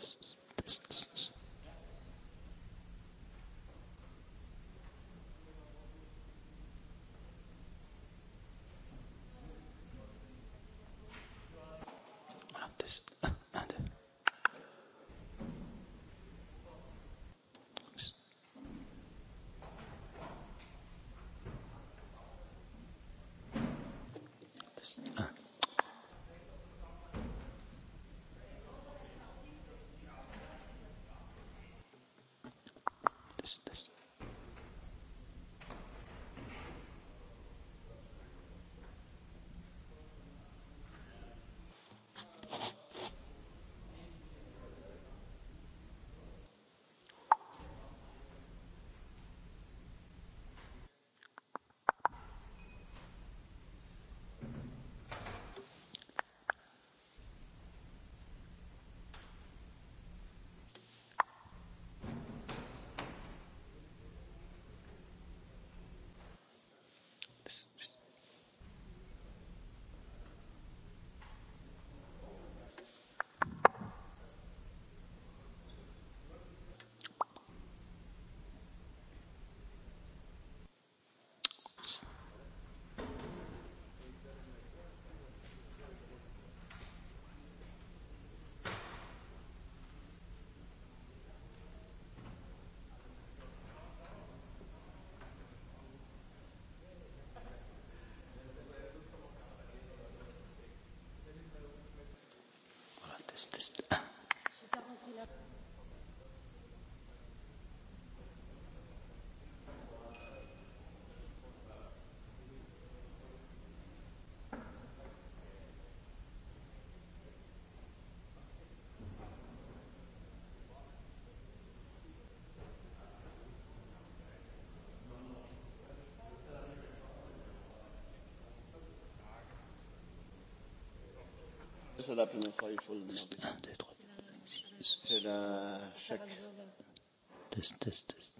purposes. this, this. ist. c'est la première fois il faut le demander. C'est la chaque test test test.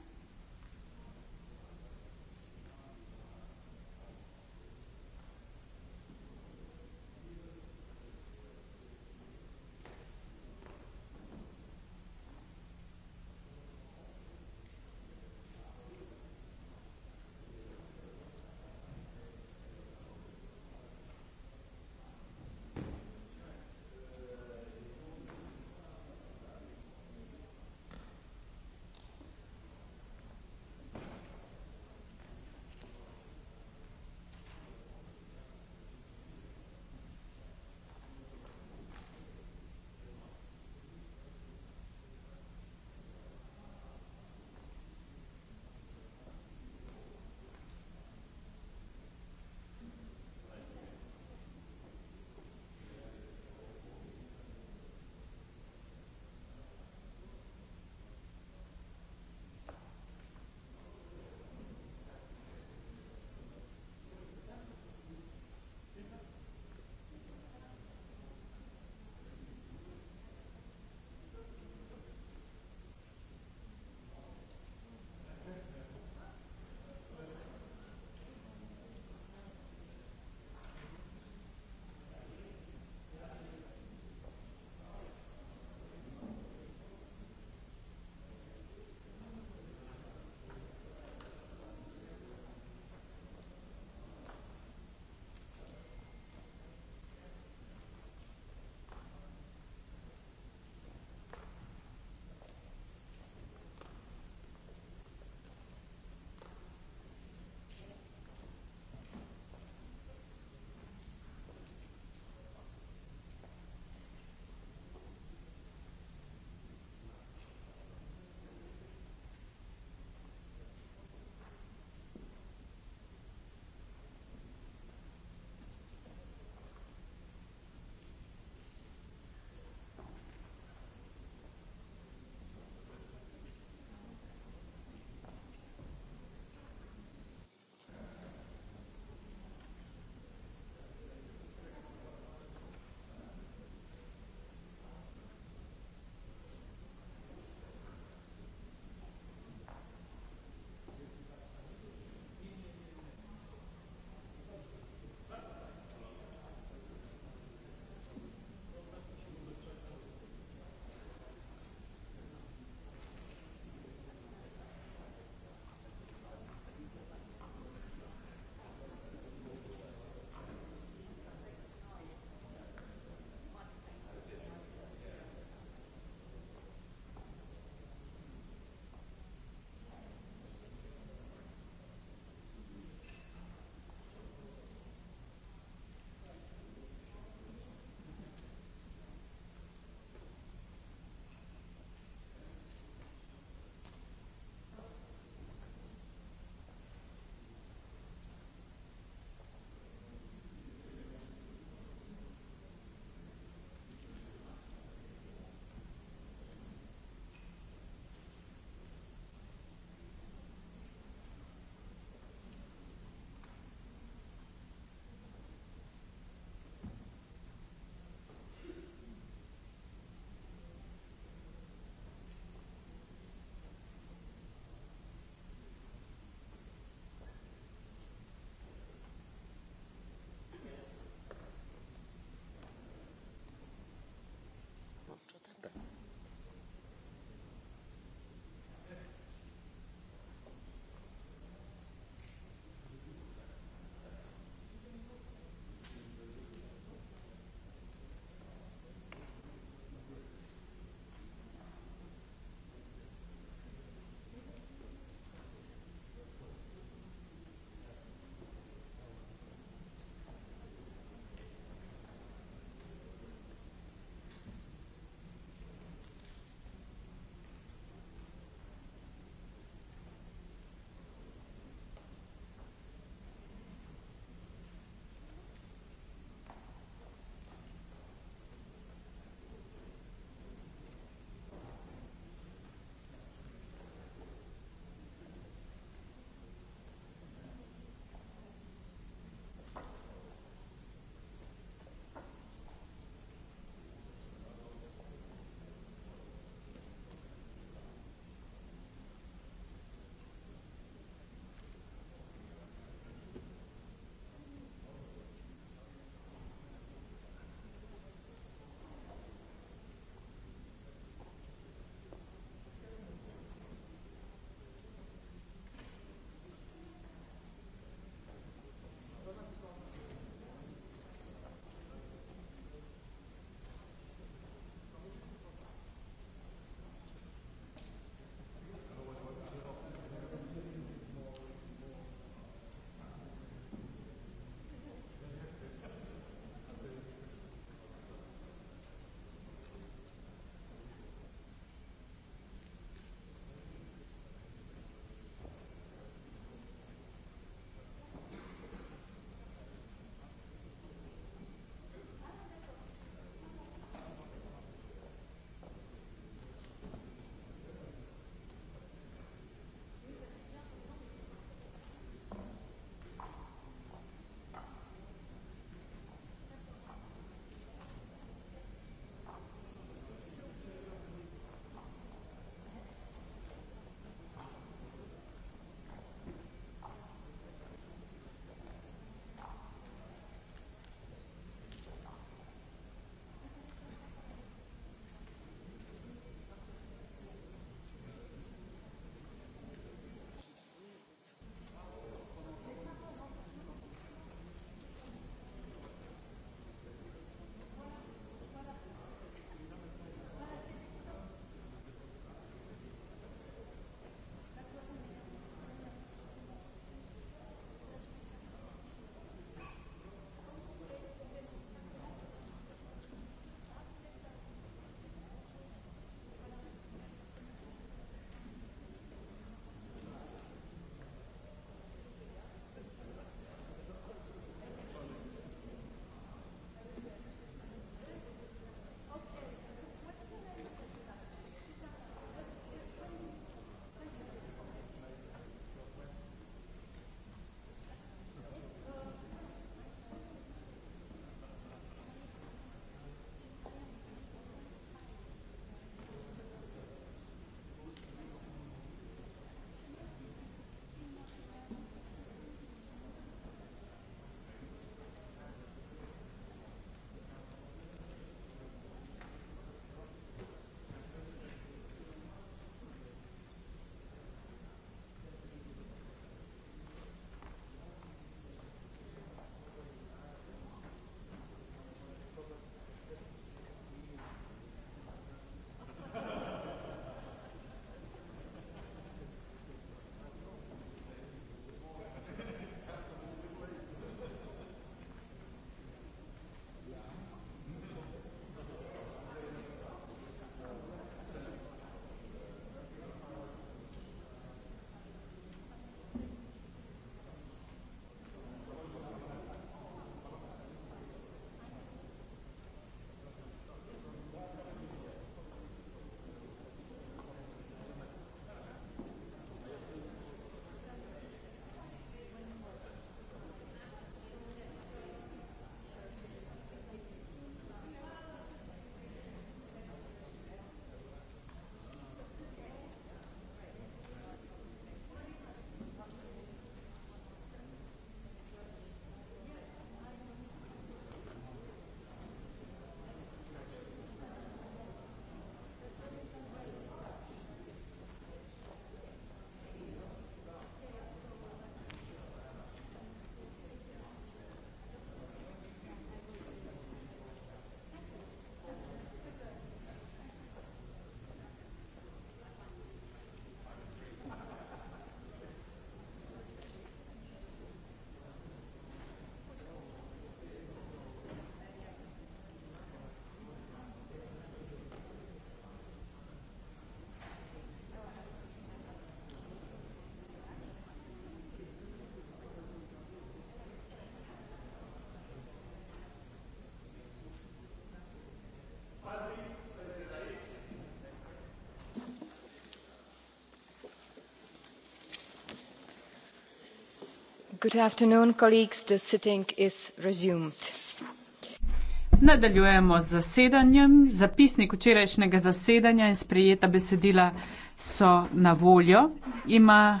Nadaljujemo z zasedanjem. Zapisnik včerajšnjega zasedanja in sprejeta besedila so na voljo. Ima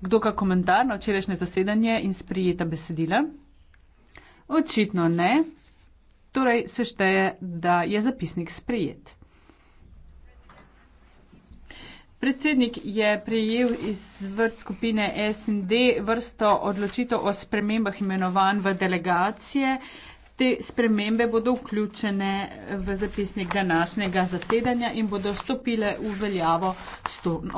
kdo kak komentar na včerajšnje zasedanje in sprejeta besedila? Očitno ne. Torej se šteje, da je zapisnik sprejet. predsednik je prejel iz vrst skupine SND vrsto odločitev o spremembah imenovanj v delegacije. Te spremembe bodo vključene v zapisnik današnjega zasedanja in bodo stopile v veljavo 100.